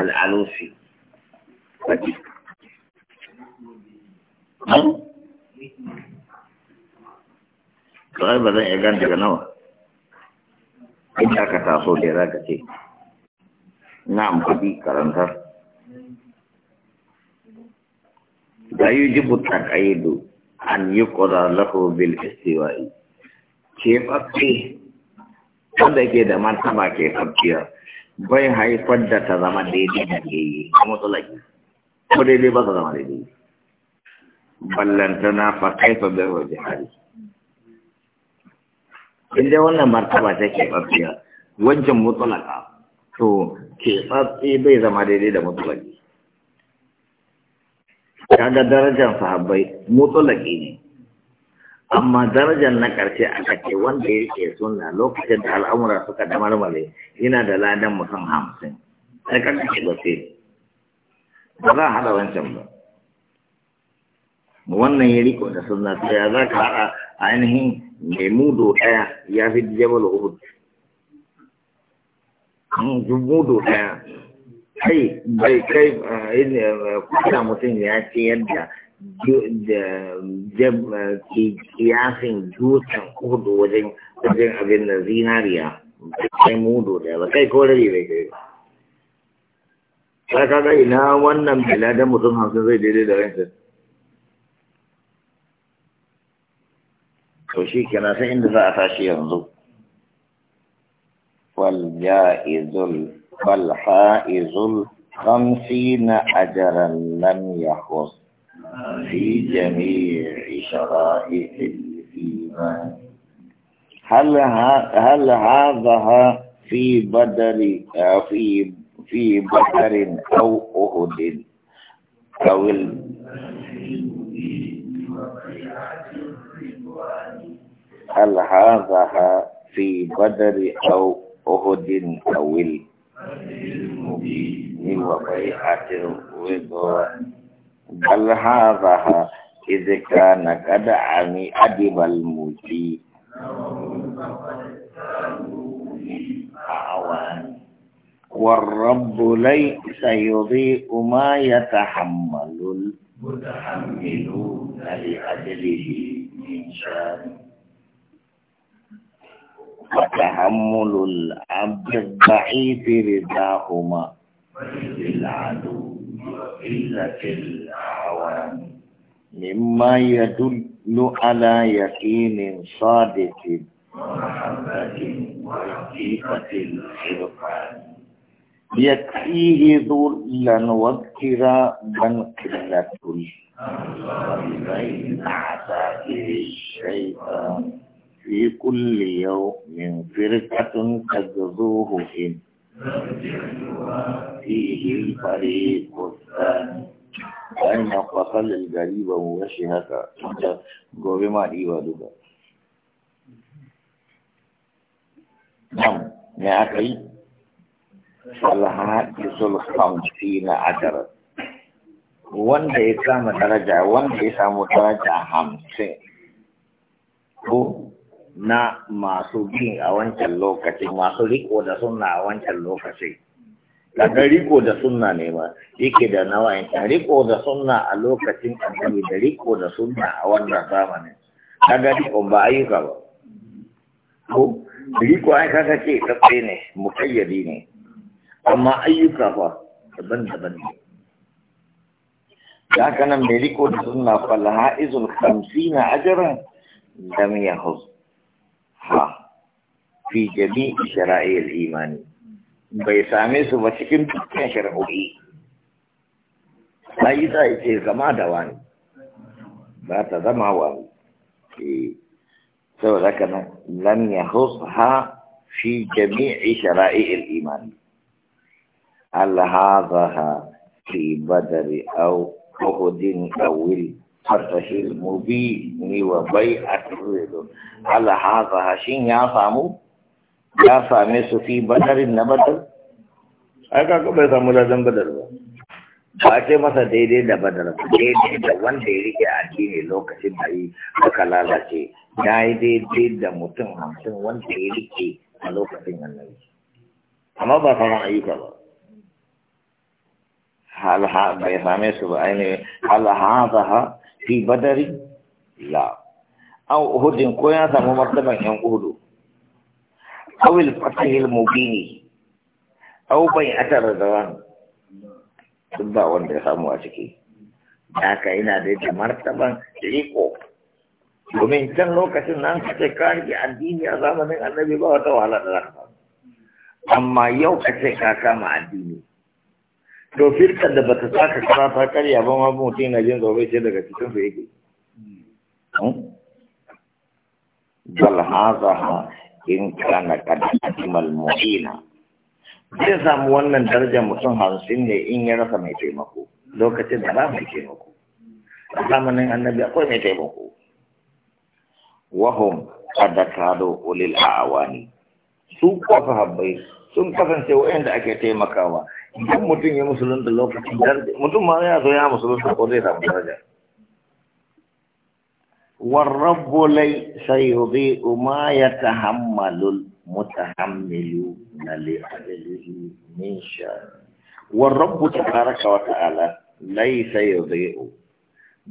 al'alusi kawai ba zan iya gan daga nawa inda ka taso da za ka ce na amfani karantar da yi jibu takaidu an yi ƙura lahu bil istiwa'i ke fafi wanda ke da ba ke fafiya bai haifar da ta zama daidai da ke yi a matsalaki ko daidai ba ta zama daidai ballantana fa kaifa bai wa hari. Inda wannan martaba ta ke ɓafiya wajen matsalaka to ke tsatsi bai zama daidai da matsalaki kaga darajar sahabbai mutsalaki ne amma darajar na ƙarshe a ce wanda yake suna lokacin da al'amura suka da marmale yana da ladan mutum hamsin sai kan kake ba ba za a hada wancan ba wannan ya riko da suna sai ya za ka haɗa ainihin mai mudo ɗaya ya fi jabal uhud hmm, mudo ɗaya kai bai kai eh, eh, kusa mutum ya ce yadda kiyasin dutsen kudu wajen wajen abin da zinariya kai mudu da ba kai ko rabi bai kai ba ka ga ina wannan biladan mutum hamsin zai daidai da ransa to shi kenan sai inda za a tashi yanzu wal ja'izul wal ha'izul خمسين أجرا لم يخص في جميع شرائح الإيمان هل هل هذا في بدر في في بدر أو أهد أو هل هذا في بدر أو أهد أو المبين وبيعة الرضوان بل هذا إذا كان قد عمي أدب المجيء والرب ليس يضيء ما يتحمل المتحملون لأجله من شان وتحمل العبد الضعيف رداهما العدو وقلة العوام مما يدل على يقين صادق ومحبة ورقيقة الخلقان يكفيه ذلا من قلة بين عساكر الشيطان في كل يوم فرقة تجذوه إن فيه الفريق الثاني وأن يقتل الجريب ووشهك gobe ma ɗiba duka nan ne aka yi alhaƙisul na ajarar wanda ya kama daraja wanda ya samu daraja hamsin ko na masu bin a wancan lokaci masu riko da suna a wancan lokaci daga riko da suna ne ba yake da nawa ta riko da suna a lokacin annabi da riko da suna a wannan zamanin daga riko ba ayyuka ba ko riko ai kaga ce tsaye ne mukayyadi ne amma ayyuka ba daban-daban ne da haka nan mai riko da sunna fa laha'izul 50 ajran lam yahuz ha fi jami shara'il imani bai same su ba cikin dukkan shari'o'i sai ta ce zama da wani ba ta zama wani eh, saboda haka nan lam yahusha fi jami'i shara'il imani al hadha fi badri aw uhudin awil الفتح المبين وبيعة الرضا ya samu ya same su fi سامي na بدر النبدر aka ko bai samu ladan badar ba ba ce masa daidai da badar ba daidai da wanda ya rike a cikin lokacin da yi aka lalace ya yi daidai da mutum hamsin wanda ya rike a lokacin annabi amma ba sauran ayyuka ba hal ha bai same su ba ainihin hal ha fi badari la aw uhudin ko ya samu martaban yan uhudu awil fatahil mubin aw bai atar da ran duk ba wanda ya samu a ciki da haka ina da ita martaban riko domin can lokacin nan ka ce ka addini a zamanin annabi ba wata wahala da za amma yau ka ce ka kama addini to firkar da bata saka kara ta karya ba ma mutum yana jin zaure ce daga cikin su yake hmm? bal hazaha in kana kad ajmal mu'ina zai samu wannan darajar mutum hamsin ne in ya rasa mai taimako lokacin da ba mai taimako a zamanin annabi akwai mai taimako wahum kada kado ulil awani su kwa sahabbai sun kasance wa'anda ake taimakawa idan mutum ya musulunta lokacin daraja mutum ma ya zo ya musulunta ko zai samu daraja والرب na يضيء ما يتحمل المتحملون لأجله من شأن wa Ta'ala, lai sai يضيء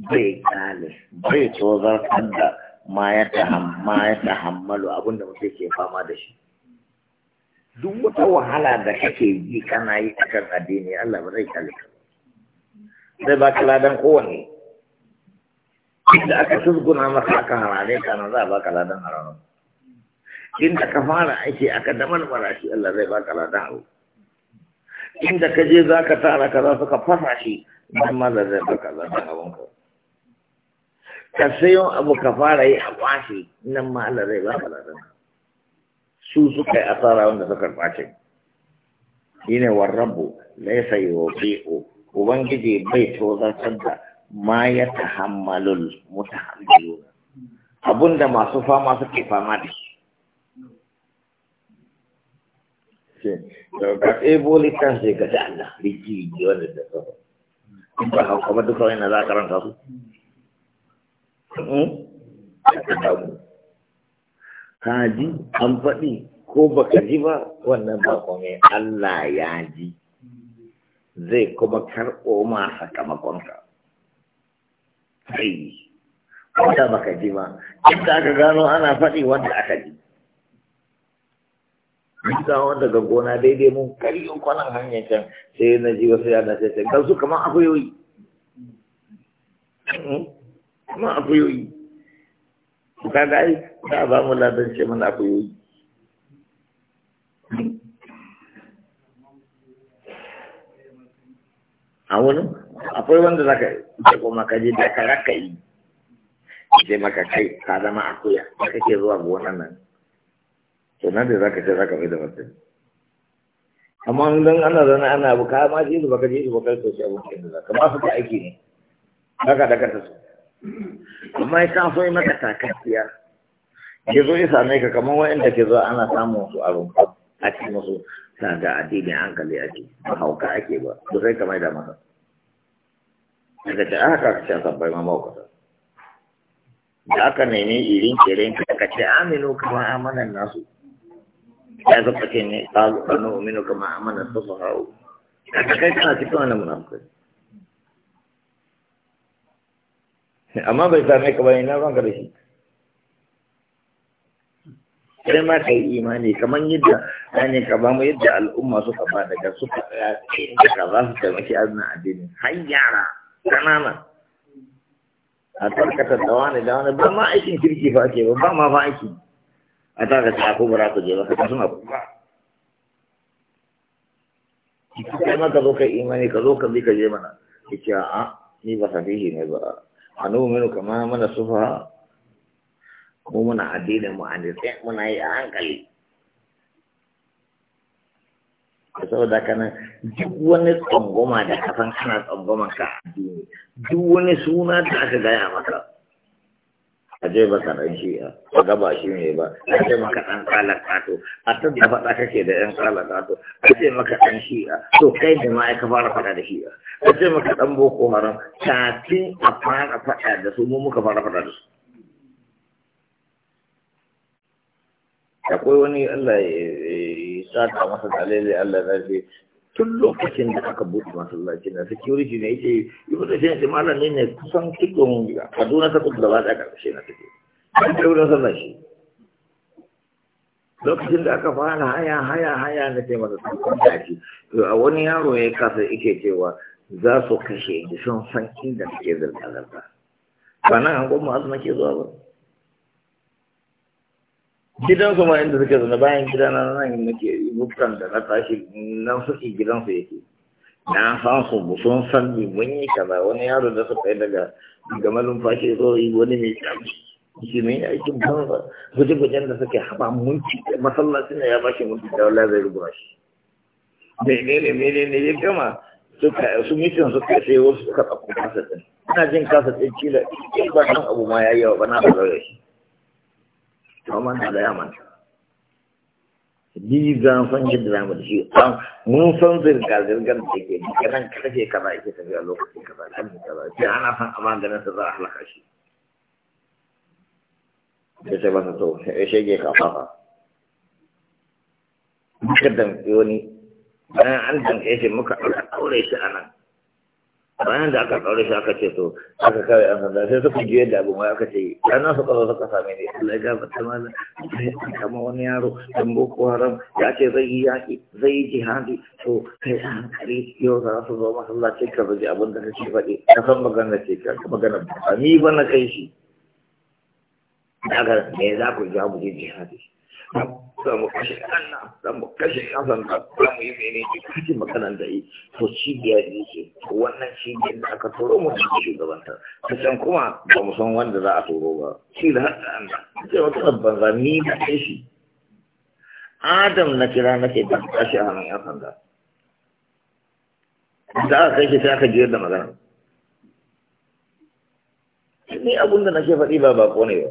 bai kalis bai tozar da ma ya tahammalu abinda mutum ke fama da shi duk wata wahala da kake ji kana yi a kan addini Allah ba zai kalli ka zai ba ka ladan kowane inda aka tusguna maka aka harare ka nan za a ba ka ladan haramun inda ka fara aiki aka mara shi Allah zai ba ka ladan abu inda ka je za ka tara ka za su ka fasa shi ban ma da zai ba ka ladan abun ka ka sayo abu ka fara yi a kwashe nan ma Allah zai ba ka ladan abu su suka yi asara wanda suka kwace shi ne warrabu laisa yuqi'u ubangiji bai tozartar da ma ya tahammalul mutahammiluna abunda masu fama suke fama da shi ka ɗebo littafin sai ka ji Allah rigi ji wanda da kafa in ba hau kamar duka wani na za a karanta su? Hmm? ka ji an faɗi ko baka ji ba wannan ba kome Allah ya ji zai kuma karɓo ma sakamakonka ai wanda baka ji ba inda aka gano ana faɗi wanda aka ji dawo daga gona daidai mun karyo kwanan hanyar can sai na ji wasu yana sai sai gansu kamar akuyoyi hmm? kamar akuyoyi ka ga ai za a ba mu ladan ce mana ku yi a wani akwai wanda za ka ce kuma ka je da ka raka yi sai maka kai ka zama akuya da kake zuwa gonan nan to nan da za ka ce za da mutum amma idan ana zana ana abu ka ma je su baka je su baka sosai abokin da za ka ba su ka aiki ne za ka daga ta su amma ya so yi maka takakiya ke zo ya same ka kamar wa'anda ke zo ana samun su a rumfa a musu ga addinin hankali ake ba hauka ake ba to sai kamar da masa daga ta aka ka ce sabbai ma maukata da aka nemi irin kerin ka ka ce aminu kamar amanan nasu ya zaba ce ne kalu kanu aminu kama amanan su su hau ka kai kana cikin wani munafukai amma bai same ka ba ina ranka da shi sai ma ka yi imani kaman yadda ne ka ba mu yadda al'umma suka ba daga suka tsaya inda ka za su taimaki azna addini har yara kanana a tarkatar da wani da wani ba ma aikin kirki fa ke ba ba ma fa aiki a ta taka ta ko bara ku je ba ka suna kuka kai ma ka zo ka imani ka zo ka bi ka je mana ki ce a'a ni ba sahihi ne ba a kama mana sufa ko muna addinin mu an sai muna yi a hankali saboda kana nan duk wani da kafan kana tsangwaman ka duk wani suna da aka gaya maka a je baka ɗan a gaba shi ne ba a ce maka ɗan kalaka to a ta da faɗa kake da ɗan kalaka to a ce maka ɗan shi'a to kai da ma ka fara faɗa da shi'a a ce maka ɗan boko haram kafin a fara faɗa da su mu muka fara faɗa da su akwai wani Allah ya sata masa dalilin Allah na tun lokacin da aka buɗe masallaci na security ne yake yi da shi malami ne kusan tudun kaduna ta kudu gaba da karshe na take an kai wurin sallar shi lokacin da aka fara haya haya haya na ce masa sun kwanta shi to a wani yaro ya kasa yake cewa za su kashe ni sun san inda suke zirga-zirga ba nan an goma azu ke zuwa ba gidansu ma inda suke zaune bayan gidana nan nake bukkan da na tashi nan suke gidansu yake na san su sun san ni mun yi kaza wani yaro da suka yi daga gama malumfashi zo yi wani mai kyamci shi mai aikin banza guje-gujen da suke haɓa mun ci masallaci ne ya ba shi mutu da wala zai rubuwa shi menene menene ya gama suka su mitin suka sai wasu suka ɗauko kasa ɗin ina jin kasa ɗin kila ba ɗan abu ma ya yi wa ba na ba shi to manta da ya manta ji zan san yadda zamu da shi mun san zirga zirgar da yake da ran kaje kaza yake tafiya lokacin kaza kan kaza sai ana san amma ganin sa za a halaka shi da sai ba ta to sai shege ka fafa kada wani bayan an danke shi muka aure shi anan bayan da aka ɗaure shi aka ce to aka kawai an sanda sai suka juya da abin aka ce ranar suka zo suka same ni Allah ya gaba ta mana kama wani yaro dan boko haram ya ce zai yi yaƙi zai yi jihadi to kai a hankali yau za su zo masallaci ka baje abin da kake faɗi ka san magana ce ka magana ba ni ba na kai shi daga me za ku ja mu jihadi za mu kashe ɗan nan za mu kashe ƙasan nan za mu yi mene ne kashe maganan da yi to cibiya ne ce wannan cibiyar da aka turo mu da shugabanta ta can kuma ba mu san wanda za a turo ba shi da haɗa an da ce wata babban za ni da kai shi adam na kira na ke ban kashe a hannun yan sanda da aka kai sai aka jiyar da magana ni abin da ke faɗi ba bako ne ba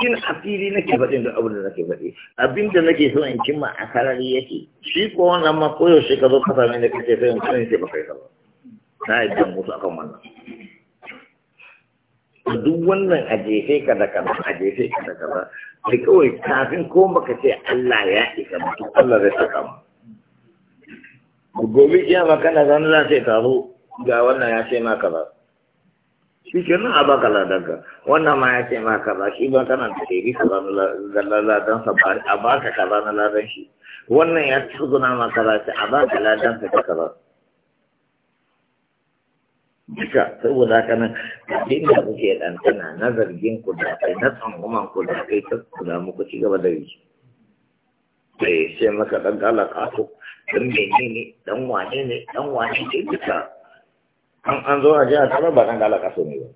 Yin a fili nake faɗin da abin da nake faɗi abin da nake so in cimma a sarari yake shi ko wannan ma koyaushe ka zo ka same da kace sai in kanin sai ba kai ba na yi jan musu akan wannan duk wannan a jefe ka da kaza a jefe ka da kaza sai kawai kafin ko baka ce Allah ya isa ba to Allah zai saka ma gobe kiyama kana zaune za ta taro ga wannan ya ce ma kaza shi ke nan a baka ladanka wannan ma ya ce ma kaza shi ba kana da ka ba da ladan sa ba a baka ba na ladan shi wannan ya ci guna ma kaza ce a baka ladan sa kaza duka saboda haka nan abin da kuke dan tana na zargin ku da kai na tsanguman ku da kai ta kula muku ci gaba da yi sai eh, sai maka dan kalaka to dan menene dan wane ne dan wane ne duka an an zo a je a tara ba kan da alaka so ne ba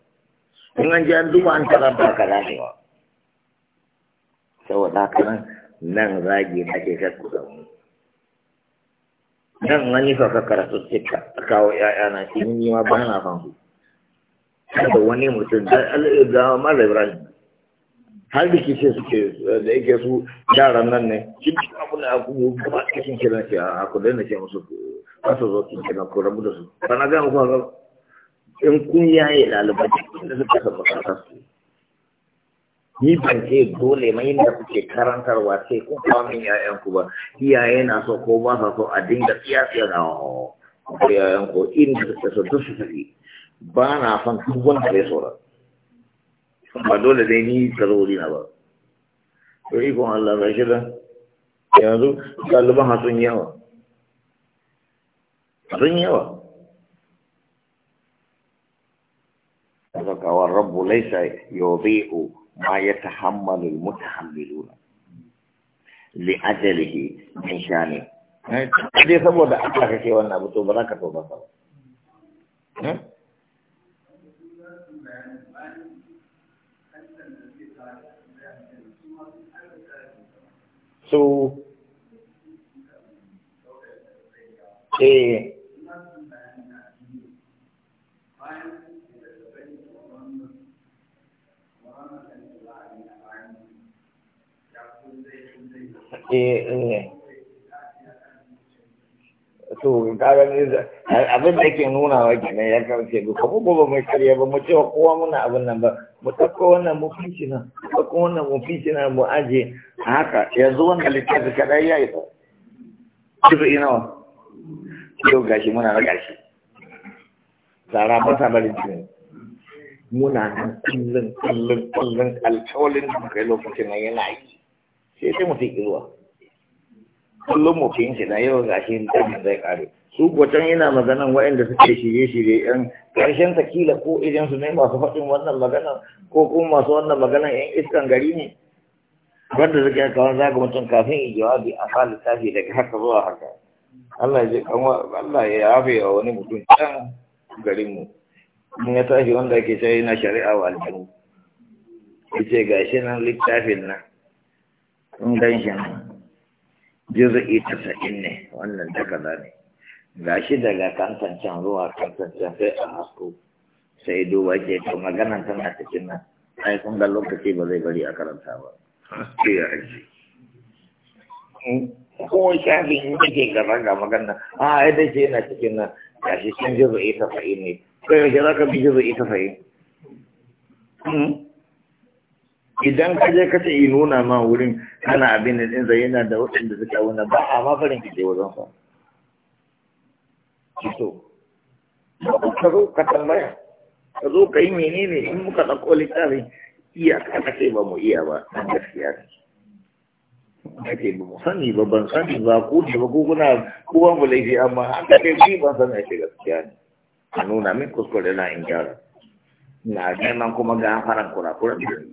in an je an duba an tara ba ka ne ba saboda haka nan nan zagi na ke shakku da mu nan an yi sauka karatu ce ka kawo ‘ya'yana shi ni ma ba na fan su da wani mutum da al'irga mara ibrahim har da kishe suke da yake su yaran nan ne shi duk da aku gaba cikin kiran shi a aku daina ce musu ba zo cikin na ko rabu da su kana ga muku haka in kun yaye ɗalibai da su suka san makaranta su ni ban ce dole mai da kuke karantarwa sai ku ba min yayan ku ba iyaye na so ko ba sa so a dinga tsiyatsiya na ko yayan ko inda suke so duk su tafi ba na san duk wanda zai sauran ba dole dai ni ka na ba to ikon Allah ba shi da yanzu ɗaliban hasun yawa رنيوة والرب ليس يضيع ما يتحمل المتحملون لأجله من شانه دي سبو دا أكلاك كي وانا بطو براكة وبطو سو ايه Eh, eh to kaga ne abin da ke nuna wa ke ya karshe duk kuma gobe mai karya ba mu cewa kowa muna abin nan ba mu ɗauko wannan mu fitina. mu ɗauko wannan mu fitina mu aje haka yanzu wannan littafi kaɗai ya yi kifi inawa yau gashi muna na gashi tsara ba sa bari jini muna nan kullum kullum kullum alkawalin da kai lokacin na yana yi sai sai mutum izuwa kullum mutum shi na yau gashi intanet zai ƙare. su wacan yana maganan waɗanda suke shirye-shirye Ƴan ƙarshen takila ko idan su ne masu faɗin wannan magana ko kuma masu wannan magana ƴan iskan gari ne wanda suke kawar zaga mutum kafin in jawabi a sa littafi daga haka zuwa haka Allah ya kanwa Allah ya yafe wa wani mutum can garinmu mun ya tashi wanda ake sai na shari'a wa aljanu yace gashi nan littafin nan kun gan shi nan juz'i tasa'in ne wannan ta kaza ne gashi daga kantancen zuwa kantancen sai a hasko sai duba ce to maganan tana cikin nan ai kun ga lokaci ba zai bari a karanta ba sai ya aji hmm, ko shafin in kake gaba ga magana a ai dai ce yana cikin nan gashi sun juz'i tasa'in ne kai yaushe za ka bi juz'i tasa'in hmm? idan ka je ka ce yi nuna ma wurin ana abin da ɗin zai yana da waɗanda suka wuna ba a ma farin kake wajen sa ki so ka zo ka tambaya ka zo ka yi menene in muka ɗauko littafin iya ka ce ba mu iya ba ɗan gaskiya ne ake ba mu sani ba ban sani ba ko da ba kuna ku ba mu laifi amma an ka ce ni ban sani ake gaskiya ne a nuna min kuskure na in gyara na neman kuma gafaran kurakuran da ni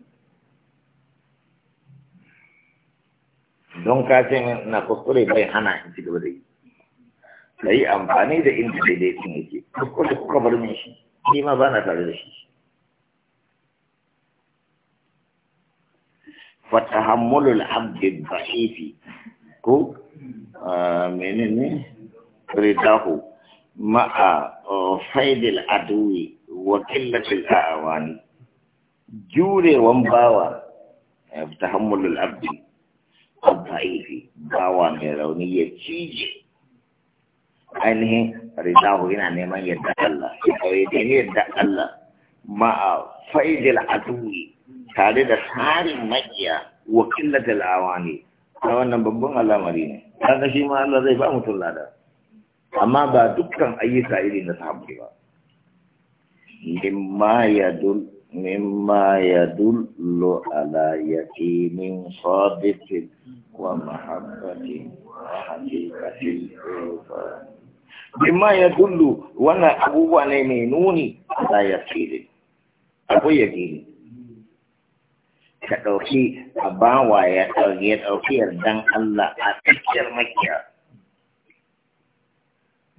don ka ce na kuskure bai hana in ci gaba da yi ka yi amfani da inda daidai sun yake kuskure kuka bar min shi ni ma ba na tare da shi hamulul abdi ba'ifi ko ah, menene ridahu ma'a ah, faidil aduwi wa killatil a'awani jurewan bawa eh, hamulul abdi الضعيف باوا من ya cije. ainihin rizahu yana neman yadda Allah ya kawai yadda Allah ma a faidil aduwi tare da tsarin maƙiya wa killatil ne a wannan babban al'amari ne kaga shi ma Allah zai ba mutum lada amma ba dukkan ayyuka iri na sahabbai ba mimma yadul mimma yadullu ala yaqinin sadiqin ومحبة وحقيقة الإرفان بما يدل وانا أبو نوني لا يقين أبو يقين ka ɗauki a bawa ya ɗauki ya ɗauki yardan Allah a tsakiyar makiya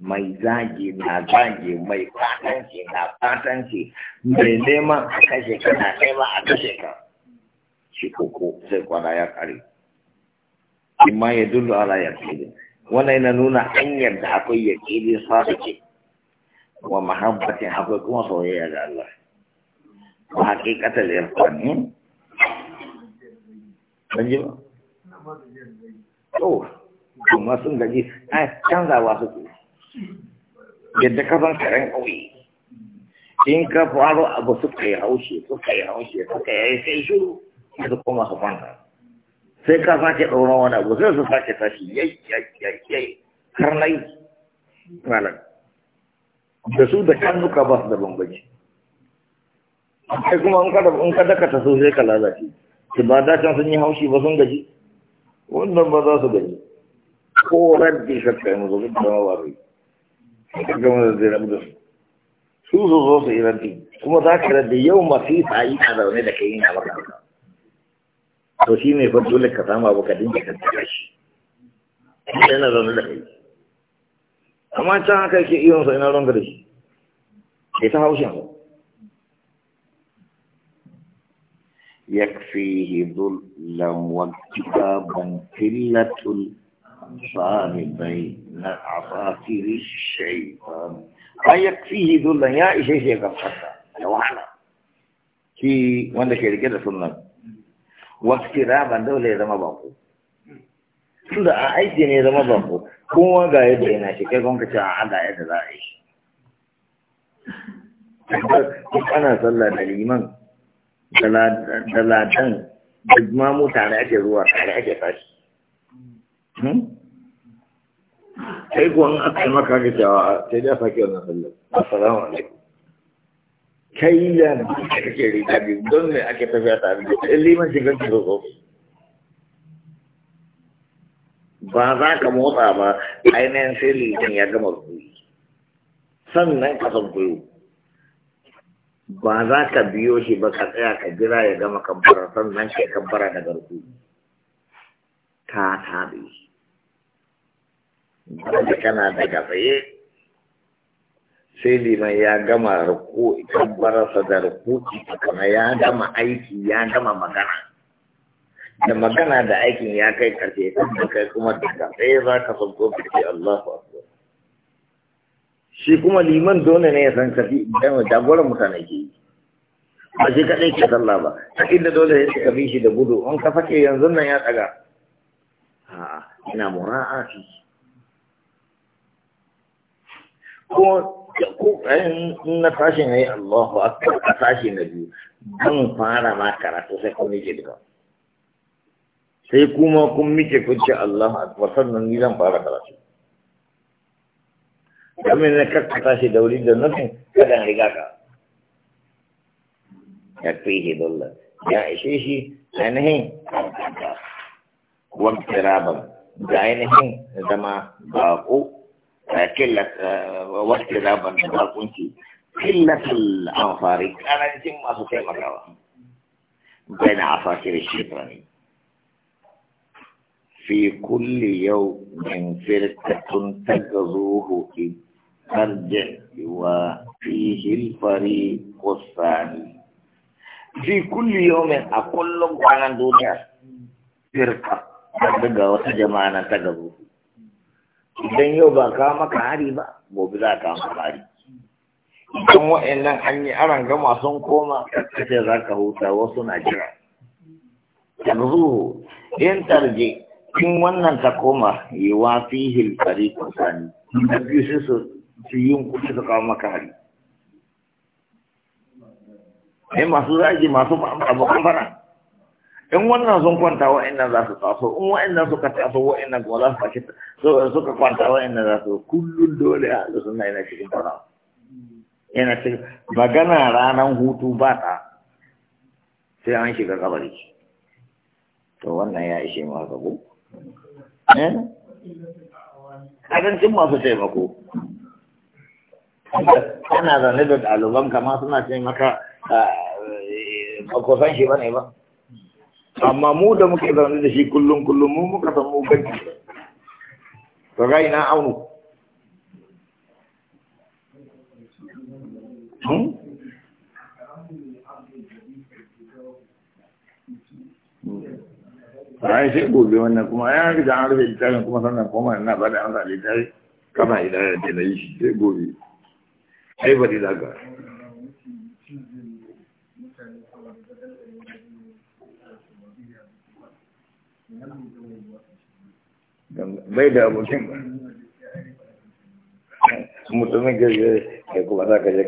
mai zagi na zagi mai fatanci na fatanci mai neman a kashe ka na nema a kashe ka shi koko sai kwana ya kare. imma ya dullu ala yaqini wannan yana nuna hanyar da akwai yaqini sadiki wa mahabbatin akwai kuma soyayya ga Allah wa haqiqatal irfani hmm? ban ji ba to oh, kuma sun gaji ai canzawa suke yadda ka san karen ƙauye in ka faro abu suka yi haushe suka yi haushe suka yi sai shuru su kuma su kwanta sai ka sake ɗaura wani abu sai su sake tashi yai yai yai har na yi malam da su da kannuka ba su da bambanci sai kuma in kada in kada ka taso sai ka lalace su ba da can sun yi haushi ba sun gaji wannan ba za su gaji ko raddi ka kai mu zuwa da wari ka ga mu da rabu da su su zo su yi raddi kuma za ka yi da yau mafi sa'i a zaune da kai ina baka to shi ne fa dole ka samu abu ka dinga tattara shi yana zaune da kai amma can haka yake iyon sa ina ronga da shi sai ta haushin sa yakfihi dhullan wa kitaban fillatul sami bayna asafiri shaytan an yakfihi dhullan ya ishe shi ya gafarta ya wahala shi wanda ke rike da sunan wasu raban dole ya zama bako tunda a aiki ne zama bako kowa ga yadda yana shi kai kwanka ce a ga yadda za a yi shi ana sallah da liman da ladan da ma tare ake zuwa tare ake tashi sai hmm? kuwa aka yi maka ga cewa sai dai a sake wannan sallah assalamu alaikum kai ya kake riga biyu don ne ake tafiya tare da in liman shiga ki zo ba za ka motsa ba ainihin sai liman ya gama rubuyi sannan ka san koyo ba za ka biyo shi ba ka tsaya ka jira ya gama kambara sannan ka kambara daga rubuyi ta tabi ba da kana daga tsaye sai liman ya gama kan barasa da rako kuma ya gama aiki ya gama magana da magana da aikin ya kai karfe kuma kai kuma daga tsaye za ka sauko ka ce Allahu akbar shi kuma liman dole ne ya san kafi dan jagoran mutane ke yi ba shi kadai ke sallah ba sai da dole ya ka bi shi da gudu an ka fake yanzu nan ya tsaga a'a ina mura'afi ko da kokarin eh, na fashin na yi Allahu Akwai a na biyu ban fara ma karatu sai kun nike duka sai kuma kun mike kun allah Allahu akbar ni zan fara karatu kamar na kakka tashi da wuri da nufin kadan riga ka ya fihe dole ya ishe shi ainihin wani tiraban da ainihin zama baƙo آه، وقت قلة واسترابا بالقنشي قلة الانصاري أنا نسيم أسوكي مكاوة بين عصاكر الشيطان في كل يوم من فرقة في ترجع وفيه الفريق الثاني في كل يوم أقول لهم أنا دنيا فرقة تغزوه idan yau ba ka maka hari ba gobe za ka maka hari idan wa'annan an yi aran gama sun koma kacce za ka huta wasu na jira yanzu in tarje in wannan ta koma yi wa hilfari fari kusani da biyu sai su su yi kuɗi su kawo maka hari ne masu zagi masu abokan fara in wannan sun kwanta wa'annan za su taso in wa'annan suka taso wa'annan kuma za su fashi suka kwanta wa'annan za su kullum dole a su suna yana cikin fara yana cikin magana ranar hutu ba ta sai an shiga kabari to wannan ya ishe ma haka ko eh? abincin masu taimako ana zane da ɗaliban kama suna ce maka ah, ba ko san shi ba ne ba amma mu da muke zaune da shi kullum kullum mu muka san mu gaji to ga na aunu hmm? Ai sai gobe wannan kuma ya riga an rufe littafin kuma sannan kuma ina ba da an sa littafi kama idan da na yi shi sai gobe. Ai ba da zaga. bai da abokin ba mutumin gaje ya kuma za ka je